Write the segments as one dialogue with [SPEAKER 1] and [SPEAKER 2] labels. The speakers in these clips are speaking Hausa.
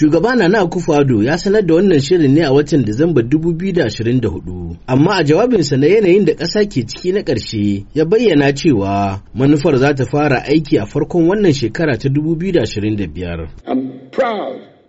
[SPEAKER 1] Shugaba Nana Akufo-Addo ya sanar da wannan shirin ne a watan Disamba 2024, amma a jawabinsa na yanayin da ƙasa ke ciki na ƙarshe ya bayyana cewa manufar za ta fara aiki a farkon wannan shekara ta 2025. I'm proud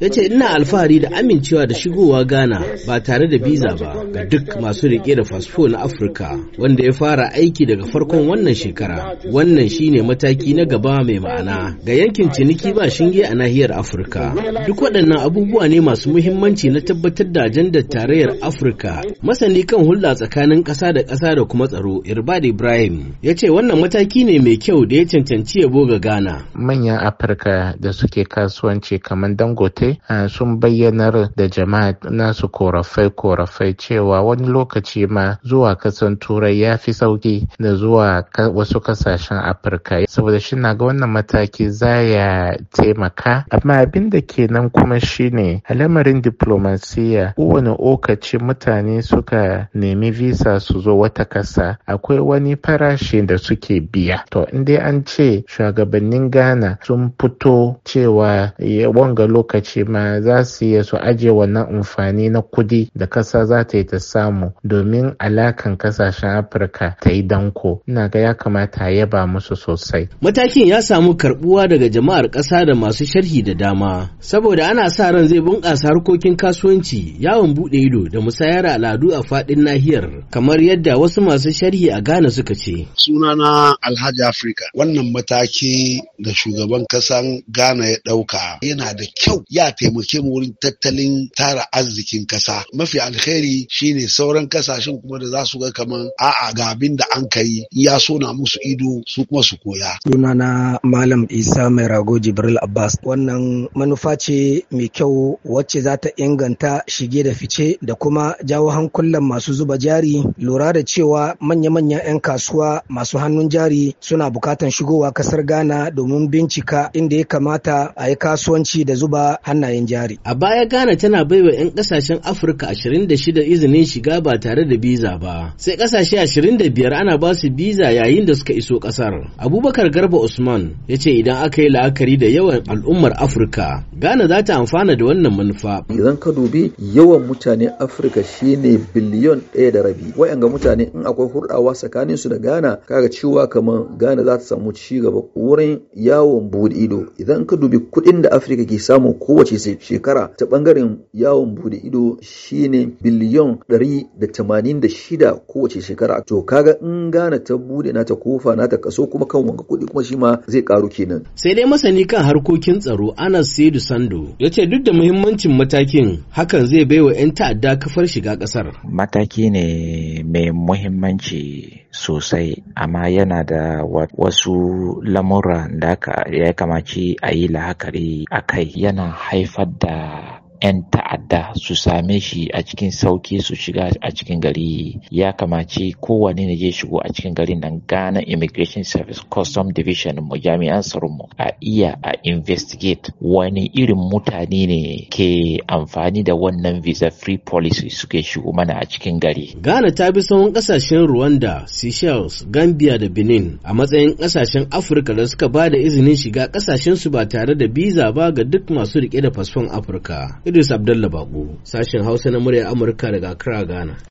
[SPEAKER 1] ya ce ina alfahari da amincewa da shigowa ghana ba tare da visa ba ga duk masu riƙe da fasfo na afirka wanda ya fara aiki daga farkon wannan shekara wannan shine mataki na gaba mai ma'ana ga yankin ciniki ba shinge a nahiyar afirka duk waɗannan abubuwa ne masu muhimmanci na tabbatar da ajandar tarayyar afirka masani kan hulɗa tsakanin ƙasa da ƙasa da kuma tsaro irbad ibrahim ya ce wannan mataki ne mai kyau da ya cancanci yabo ga ghana
[SPEAKER 2] manyan afirka da suke kasuwanci kamar dangote sun bayyanar da jama'a nasu korafai-korafai cewa wani lokaci ma zuwa kasan turai ya fi sauki da zuwa wasu kasashen afirka saboda shi na ga wannan mataki za ya taimaka amma abin da ke nan kuma shine al'amarin diplomasiya kowane okaci mutane suka nemi visa su zo wata kasa akwai wani farashi da suke biya to in dai an ce shugabannin ghana sun fito fito cewa ya eh, wanga lokaci ma za su iya su aje wannan amfani na kudi da kasa za ta yi ta samu domin alakan kasashen afirka ta yi danko ina ga ya kamata a yaba musu sosai
[SPEAKER 1] matakin ya samu karbuwa daga jama'ar kasa da masu sharhi da dama saboda ana sa ran zai bunƙasa harkokin kasuwanci yawon buɗe ido da musayar al'adu a faɗin nahiyar kamar yadda wasu masu sharhi a ghana suka
[SPEAKER 3] ce
[SPEAKER 4] sunana alhaji afirka wannan mataki da shugaban kasan gana Ghana ya ɗauka yana da kyau ya taimake mu wurin tattalin tara arzikin ƙasa. Mafi alheri shine sauran kasashen kuma da za su ga kaman a'a ga abin da an kai
[SPEAKER 1] ya so na musu ido su kuma su koya. Suna na Malam Isa Mai Rago Jibril Abbas. Wannan manufa ce mai kyau wacce za ta inganta shige da fice da kuma jawo hankulan masu zuba jari lura da cewa manya-manyan 'yan kasuwa masu hannun jari suna bukatan shigowa kasar Ghana domin bincika inda ya kamata a yi kasuwanci da zuba hannayen jari. A baya Ghana tana baiwa 'yan kasashen Afirka 26 izinin shiga ba tare da biza ba. Sai kasashe 25 ana ba su biza yayin da suka iso kasar. Abubakar Garba Usman ya ce idan aka yi la'akari da yawan al'ummar Afirka Ghana za ta amfana da wannan manufa. Idan ka dubi yawan mutane
[SPEAKER 4] Afirka shine biliyon ɗaya da rabi. Wayanga mutane in akwai hurɗawa tsakanin su da Ghana kaga cewa kamar Ghana za ta samu ci gaba wurin yawon buɗe ido. Idan ka dubi kuɗin da Afirka ke samu kowace shekara ta bangaren yawon buɗe ido shine biliyon ɗari da tamanin da shida kowace shekara. To kaga in Ghana ta buɗe nata kofa nata kaso kuma kan wanga kuɗi kuma shi ma zai ƙaru kenan.
[SPEAKER 1] Sai dai masani kan harkokin tsaro Anas Saidu Sando ya ce duk da muhimmancin matakin hakan zai baiwa 'yan ta'adda kafar shiga ƙasar.
[SPEAKER 3] Mataki ne mai muhimmanci sosai amma yana da wasu lamura da ya kamaci a yi la'akari a kai yana haifar da 'yan ta'adda su same shi a cikin sauki su shiga a cikin gari ya kamaci kowane ne zai shigo a cikin garin nan Gana Immigration Service Custom Division mu jami'an tsaron mu a iya a investigate wani irin mutane ne ke amfani da wannan visa free policy suke shigo mana a cikin gari.
[SPEAKER 1] Ghana ta bi tsawon kasashen Rwanda, Seychelles, Gambia da Benin a matsayin kasashen Afirka da suka ba da izinin shiga kasashen su ba tare da biza ba ga duk masu rike da fasfon Afirka. Idris Abdalla Bako, sashen Hausa na murya Amurka daga Accra, Ghana.